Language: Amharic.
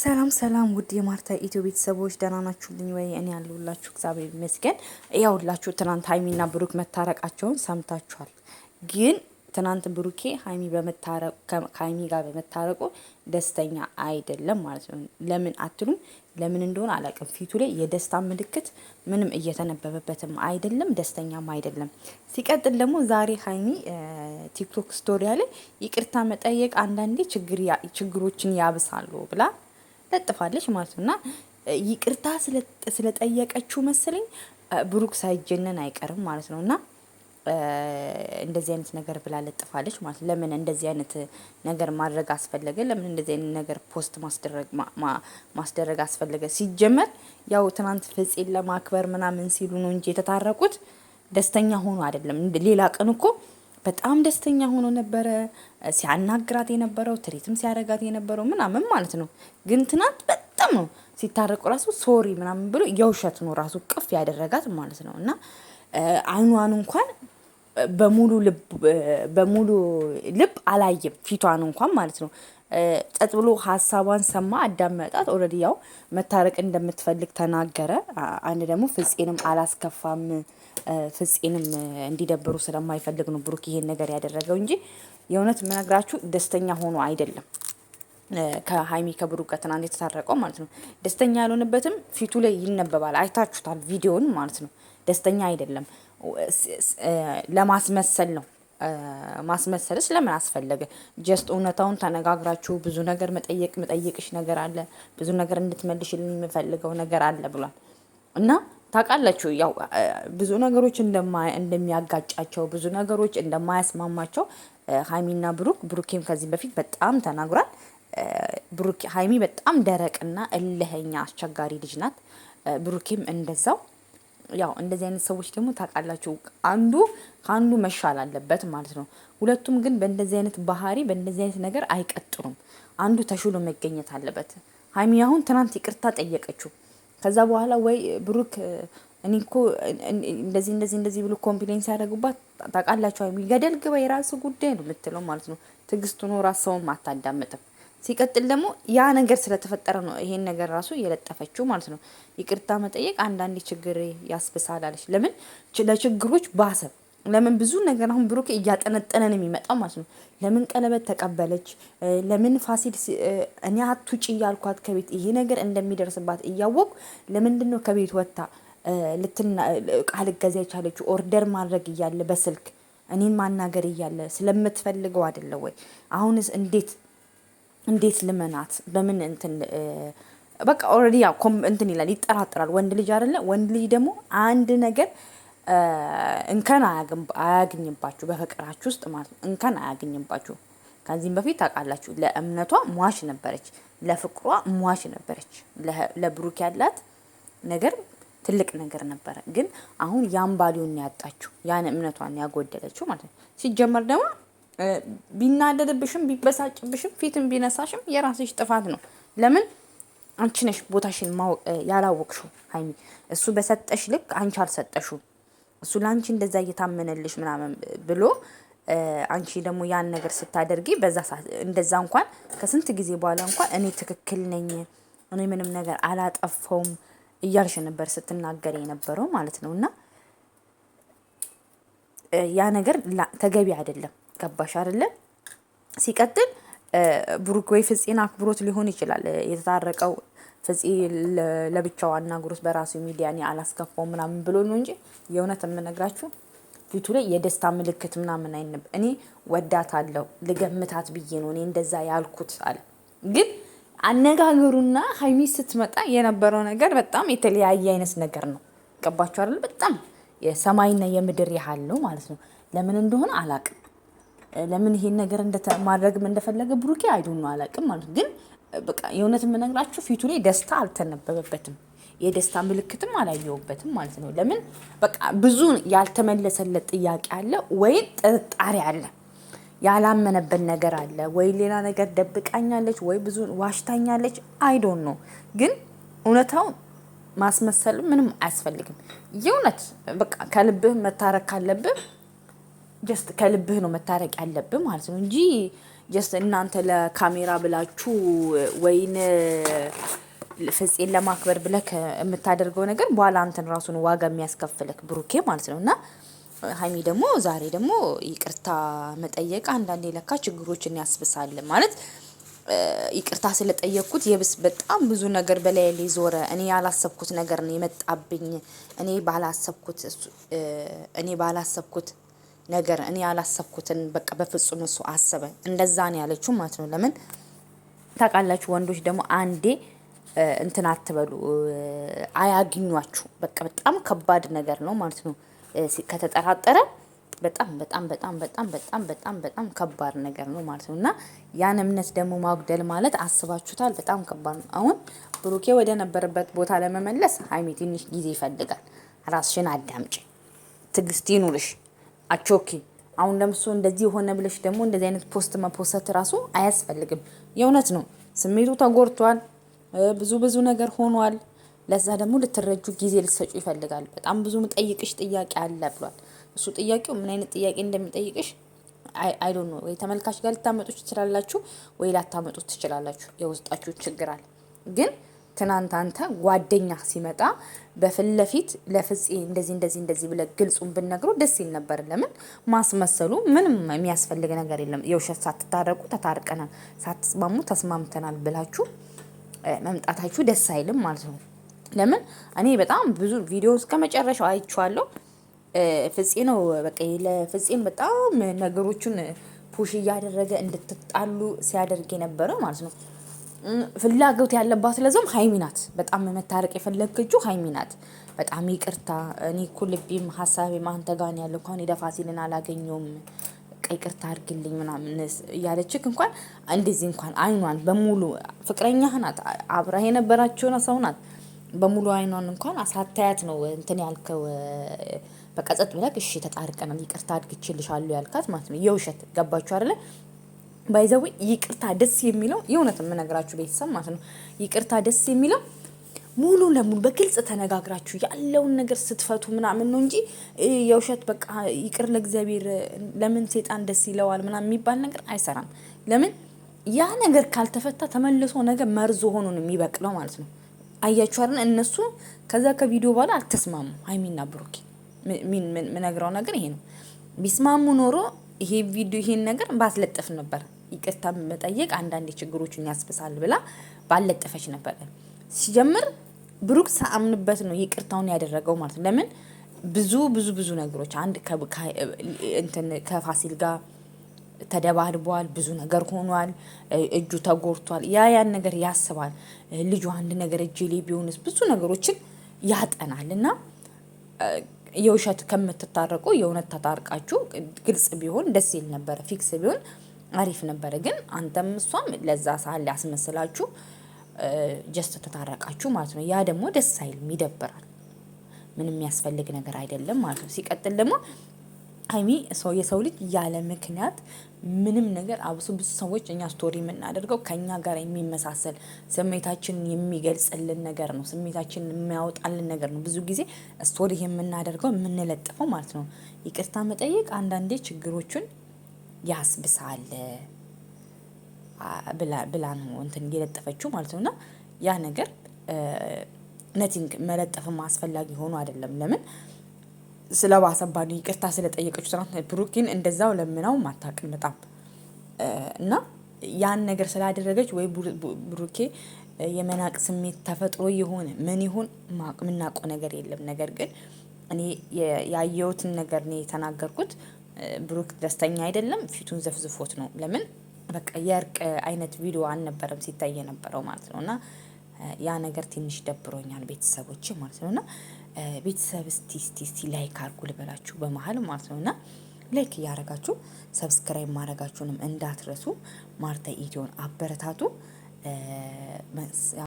ሰላም ሰላም ውድ የማርታ ኢትዮ ቤተሰቦች ደህና ናችሁልኝ ወይ? እኔ ያለሁላችሁ እግዚአብሔር ይመስገን። ያውላችሁ ትናንት ሀይሚና ብሩክ መታረቃቸውን ሰምታችኋል። ግን ትናንት ብሩኬ ሀይሚ ከሀይሚ ጋር በመታረቁ ደስተኛ አይደለም ማለት ነው። ለምን አትሉም? ለምን እንደሆነ አላውቅም። ፊቱ ላይ የደስታ ምልክት ምንም እየተነበበበትም አይደለም፣ ደስተኛም አይደለም። ሲቀጥል ደግሞ ዛሬ ሀይሚ ቲክቶክ ስቶሪያ ላይ ይቅርታ መጠየቅ አንዳንዴ ችግሮችን ያብሳሉ ብላ ለጥፋለች ማለት ነው እና ይቅርታ ስለጠየቀችው መሰለኝ ብሩክ ሳይጀነን አይቀርም ማለት ነው እና እንደዚህ አይነት ነገር ብላ ለጥፋለች ማለት ነው። ለምን እንደዚህ አይነት ነገር ማድረግ አስፈለገ? ለምን እንደዚህ አይነት ነገር ፖስት ማስደረግ አስፈለገ? ሲጀመር ያው ትናንት ፍፄን ለማክበር ምናምን ሲሉ ነው እንጂ የተታረቁት ደስተኛ ሆኖ አይደለም። ሌላ ቀን እኮ በጣም ደስተኛ ሆኖ ነበረ ሲያናግራት የነበረው ትሪትም ሲያደርጋት የነበረው ምናምን ማለት ነው። ግን ትናንት በጣም ነው ሲታረቁ ራሱ ሶሪ ምናምን ብሎ የውሸት ነው ራሱ ቅፍ ያደረጋት ማለት ነው። እና አይኗን እንኳን በሙሉ ልብ በሙሉ ልብ አላየም ፊቷን እንኳን ማለት ነው። ጸጥ ብሎ ሀሳቧን ሰማ፣ አዳመጣት። ኦልሬዲ ያው መታረቅ እንደምትፈልግ ተናገረ። አንድ ደግሞ ፍፄንም አላስከፋም ፍፄንም እንዲደብሩ ስለማይፈልግ ነው ብሩክ ይሄን ነገር ያደረገው እንጂ የእውነት ምነግራችሁ ደስተኛ ሆኖ አይደለም። ከሀይሚ ከብሩክ ጋር ትናንት የተታረቀው ማለት ነው። ደስተኛ ያልሆነበትም ፊቱ ላይ ይነበባል። አይታችሁታል ቪዲዮን ማለት ነው። ደስተኛ አይደለም። ለማስመሰል ነው። ማስመሰልስ ለምን አስፈለገ? ጀስት እውነታውን ተነጋግራችሁ ብዙ ነገር መጠየቅ መጠየቅሽ ነገር አለ ብዙ ነገር እንድትመልሽልኝ የምፈልገው ነገር አለ ብሏል እና ታውቃላችሁ ያው ብዙ ነገሮች እንደሚያጋጫቸው ብዙ ነገሮች እንደማያስማማቸው ሀይሚና ብሩክ ብሩኬም ከዚህ በፊት በጣም ተናግሯል። ሀይሚ በጣም ደረቅና እልህኛ አስቸጋሪ ልጅ ናት። ብሩኬም እንደዛው። ያው እንደዚህ አይነት ሰዎች ደግሞ ታውቃላችሁ አንዱ ከአንዱ መሻል አለበት ማለት ነው። ሁለቱም ግን በእንደዚህ አይነት ባህሪ በእንደዚህ አይነት ነገር አይቀጥሩም። አንዱ ተሽሎ መገኘት አለበት። ሀይሚ አሁን ትናንት ይቅርታ ጠየቀችው ከዛ በኋላ ወይ ብሩክ እኔ እኮ እንደዚህ እንደዚህ እንደዚህ ብሎ ኮምፕሌን ሲያደርጉባት ታውቃላችሁ፣ ገደል ግባ ጉዳይ ነው የምትለው ማለት ነው። ትዕግስቱ ኖራ ሰውም አታዳምጥም። ሲቀጥል ደግሞ ያ ነገር ስለተፈጠረ ነው ይሄን ነገር ራሱ የለጠፈችው ማለት ነው። ይቅርታ መጠየቅ አንዳንዴ ችግር ያስብሳላለች። ለምን ለችግሮች ባሰብ ለምን ብዙ ነገር አሁን ብሩኬ እያጠነጠነን የሚመጣው ማለት ነው። ለምን ቀለበት ተቀበለች? ለምን ፋሲል እኔ አትውጪ እያልኳት ከቤት ይሄ ነገር እንደሚደርስባት እያወቅ ለምንድን ነው ከቤት ወጥታ ልትና ቃል ገዛ የቻለች ኦርደር ማድረግ እያለ በስልክ እኔን ማናገር እያለ ስለምትፈልገው አይደለ ወይ? አሁንስ እንዴት እንዴት ልመናት? በምን እንትን በቃ ኦልሬዲ እንትን ይላል፣ ይጠራጠራል። ወንድ ልጅ አይደለ? ወንድ ልጅ ደግሞ አንድ ነገር እንከን አያግኝባችሁ፣ በፍቅራችሁ ውስጥ ማለት ነው። እንከን አያግኝባችሁ። ከዚህም በፊት ታውቃላችሁ፣ ለእምነቷ ሟሽ ነበረች፣ ለፍቅሯ ሟሽ ነበረች። ለብሩክ ያላት ነገር ትልቅ ነገር ነበረ። ግን አሁን ያን ባሊውን ያጣችሁ፣ ያን እምነቷን ያጎደለችው ማለት ነው። ሲጀመር ደግሞ ቢናደድብሽም ቢበሳጭብሽም ፊትም ቢነሳሽም የራስሽ ጥፋት ነው። ለምን አንቺ ነሽ ቦታሽን ያላወቅሽው ሀይሚ። እሱ በሰጠሽ ልክ አንቺ አልሰጠሹም? እሱ ለአንቺ እንደዛ እየታመነልሽ ምናምን ብሎ አንቺ ደግሞ ያን ነገር ስታደርጊ በዛ እንደዛ እንኳን ከስንት ጊዜ በኋላ እንኳን እኔ ትክክል ነኝ፣ እኔ ምንም ነገር አላጠፋውም እያልሽ ነበር ስትናገር የነበረው ማለት ነው። እና ያ ነገር ተገቢ አይደለም። ገባሽ አይደለም? ሲቀጥል ብሩክ ወይ ፍፄን አክብሮት ሊሆን ይችላል የተታረቀው። ፍፄ ለብቻው አናግሮት በራሱ ሚዲያ እኔ አላስከፋው ምናምን ብሎ ነው እንጂ የእውነት የምነግራችሁ ፊቱ ላይ የደስታ ምልክት ምናምን አይነብ። እኔ ወዳታለሁ ልገምታት ብዬ ነው እኔ እንደዛ ያልኩት አለ። ግን አነጋገሩና ሀይሚ ስትመጣ የነበረው ነገር በጣም የተለያየ አይነት ነገር ነው። ገባችሁ አይደል? በጣም የሰማይና የምድር ያህል ነው ማለት ነው። ለምን እንደሆነ አላቅም። ለምን ይሄን ነገር ማድረግም እንደፈለገ ብሩኬ አይዱን ነው አላውቅም ማለት ግን በቃ የእውነት የምነግራችሁ ፊቱ ላይ ደስታ አልተነበበበትም። የደስታ ምልክትም አላየውበትም ማለት ነው። ለምን በቃ ብዙ ያልተመለሰለት ጥያቄ አለ ወይ ጥርጣሬ አለ፣ ያላመነበት ነገር አለ ወይ ሌላ ነገር ደብቃኛለች ወይ ብዙ ዋሽታኛለች። አይዶን ነው ግን እውነታው ማስመሰል ምንም አያስፈልግም። የእውነት በቃ ከልብህ መታረቅ ካለብህ ጀስት ከልብህ ነው መታረቅ ያለብህ ማለት ነው እንጂ ጀስት እናንተ ለካሜራ ብላችሁ ወይን ፍጼን ለማክበር ብለህ የምታደርገው ነገር በኋላ አንተን ራሱን ዋጋ የሚያስከፍልክ ብሩኬ ማለት ነው እና ሀይሚ ደግሞ ዛሬ ደግሞ ይቅርታ መጠየቅ አንዳንዴ ለካ ችግሮችን ያስብሳል ማለት ይቅርታ ስለጠየቅኩት የብስ በጣም ብዙ ነገር በላይ ላይ ዞረ። እኔ ያላሰብኩት ነገር ነው የመጣብኝ። እኔ ባላሰብኩት እኔ ባላሰብኩት ነገር እኔ ያላሰብኩትን በቃ በፍጹም እሱ አሰበ። እንደዛ ነው ያለችው ማለት ነው። ለምን ታውቃላችሁ? ወንዶች ደግሞ አንዴ እንትን አትበሉ፣ አያግኟችሁ። በቃ በጣም ከባድ ነገር ነው ማለት ነው። ከተጠራጠረ በጣም በጣም በጣም በጣም በጣም በጣም በጣም ከባድ ነገር ነው ማለት ነው። እና ያን እምነት ደግሞ ማጉደል ማለት አስባችሁታል፣ በጣም ከባድ ነው። አሁን ብሩኬ ወደ ነበረበት ቦታ ለመመለስ ሀይሚ ትንሽ ጊዜ ይፈልጋል። ራስሽን አዳምጭ፣ ትግስት ይኑርሽ። አቾኪ አሁን ለምሶ እንደዚህ የሆነ ብለሽ ደግሞ እንደዚህ አይነት ፖስት መፖሰት ራሱ አያስፈልግም። የእውነት ነው፣ ስሜቱ ተጎርቷል ብዙ ብዙ ነገር ሆኗል። ለዛ ደግሞ ልትረጁ ጊዜ ልትሰጩ ይፈልጋል። በጣም ብዙ ጠይቅሽ ጥያቄ አለ ብሏል። እሱ ጥያቄው ምን አይነት ጥያቄ እንደሚጠይቅሽ አይዶን ነው። ወይ ተመልካች ጋር ልታመጡች ትችላላችሁ፣ ወይ ላታመጡት ትችላላችሁ። የውስጣችሁ ችግር አለ ግን ትናንት አንተ ጓደኛ ሲመጣ በፊት ለፊት ለፍፄ እንደዚህ እንደዚህ እንደዚህ ብለ ግልጹን ብነግሩ ደስ ይል ነበር። ለምን ማስመሰሉ ምንም የሚያስፈልግ ነገር የለም። የውሸት ሳትታረቁ ተታርቀናል፣ ሳትስማሙ ተስማምተናል ብላችሁ መምጣታችሁ ደስ አይልም ማለት ነው። ለምን እኔ በጣም ብዙ ቪዲዮ እስከ መጨረሻው አይቼዋለሁ። ፍፄ ነው በቃ ለፍፄን በጣም ነገሮቹን ፑሽ እያደረገ እንድትጣሉ ሲያደርግ የነበረ ማለት ነው። ፍላጎት ያለባት ለዛም ሀይሚ ናት። በጣም መታረቅ የፈለገችው ሀይሚ ናት። በጣም ይቅርታ፣ እኔ እኮ ልቤም ሀሳቤም አንተ ጋር ያለው ያለው። እንኳን ፋሲልን አላገኘውም ይቅርታ አድርግልኝ ምናምን እያለችክ እንኳን እንደዚህ እንኳን አይኗን በሙሉ ፍቅረኛ ናት፣ አብረህ የነበራችሁን ሰው ናት። በሙሉ አይኗን እንኳን አሳታያት ነው እንትን ያልከው። በቀጸጥ ጸጥ ብለህ እሺ ተጣርቀናል፣ ይቅርታ አድግችልሻሉ ያልካት ማለት ነው። የውሸት ገባችሁ አይደለ? ባይዘው ይቅርታ ደስ የሚለው የእውነት የምነግራችሁ ቤተሰብ ማለት ነው። ይቅርታ ደስ የሚለው ሙሉ ለሙሉ በግልጽ ተነጋግራችሁ ያለውን ነገር ስትፈቱ ምናምን ነው እንጂ የውሸት በቃ ይቅር ለእግዚአብሔር ለምን ሴጣን ደስ ይለዋል ምናምን የሚባል ነገር አይሰራም። ለምን ያ ነገር ካልተፈታ ተመልሶ ነገር መርዞ ሆኖ ነው የሚበቅለው ማለት ነው። አያችኋርን እነሱ ከዛ ከቪዲዮ በኋላ አልተስማሙ ሀይሚና ብሩኬ። ምነግረው ነገር ይሄ ነው። ቢስማሙ ኖሮ ይሄ ቪዲዮ ይሄን ነገር ባስለጠፍ ነበር። ይቅርታ መጠየቅ አንዳንድ ችግሮችን ያስብሳል ብላ ባለጠፈች ነበረ። ሲጀምር ብሩክ ሳምንበት ነው ይቅርታውን ያደረገው ማለት ነው። ለምን ብዙ ብዙ ብዙ ነገሮች አንድ ከፋሲል ጋር ተደባድቧል፣ ብዙ ነገር ሆኗል፣ እጁ ተጎርቷል። ያ ያን ነገር ያስባል። ልጁ አንድ ነገር እጅ ላይ ቢሆንስ ብዙ ነገሮችን ያጠናል እና የውሸት ከምትታረቁ የእውነት ተታርቃችሁ ግልጽ ቢሆን ደስ ይል ነበረ፣ ፊክስ ቢሆን አሪፍ ነበረ። ግን አንተም እሷም ለዛ ሰዓት ሊያስመስላችሁ ጀስት ተታረቃችሁ ማለት ነው። ያ ደግሞ ደስ አይልም፣ ይደብራል። ምንም የሚያስፈልግ ነገር አይደለም ማለት ነው። ሲቀጥል ደግሞ ሀይሚ ሰው የሰው ልጅ ያለ ምክንያት ምንም ነገር አብሶ ብዙ ሰዎች እኛ ስቶሪ የምናደርገው ከኛ ጋር የሚመሳሰል ስሜታችን የሚገልጽልን ነገር ነው። ስሜታችን የሚያወጣልን ነገር ነው። ብዙ ጊዜ ስቶሪ የምናደርገው የምንለጥፈው ማለት ነው። ይቅርታ መጠየቅ አንዳንዴ ችግሮቹን ያስብሳል ብላ ነው እንትን የለጠፈችው ማለት ነው። እና ያ ነገር ነቲንግ መለጠፍም አስፈላጊ ሆኖ አይደለም። ለምን ስለባሰባዱ ይቅርታ ስለጠየቀችው ስራ ብሩኪን እንደዛው ለምናው ማታቅም በጣም እና ያን ነገር ስላደረገች ወይ ብሩኬ የመናቅ ስሜት ተፈጥሮ የሆነ ምን ይሁን ምናውቀው ነገር የለም። ነገር ግን እኔ ያየሁትን ነገር ነው የተናገርኩት። ብሩክ ደስተኛ አይደለም። ፊቱን ዘፍዝፎት ነው። ለምን በቃ የእርቅ አይነት ቪዲዮ አልነበረም ሲታይ የነበረው ማለት ነው። እና ያ ነገር ትንሽ ደብሮኛል ቤተሰቦች ማለት ነው። እና ቤተሰብ እስቲ እስቲ እስቲ ላይክ አርጉ ልበላችሁ በመሀል ማለት ነው እና ላይክ እያረጋችሁ ሰብስክራይብ ማድረጋችሁንም እንዳትረሱ። ማርተ ኢትዮን አበረታቱ።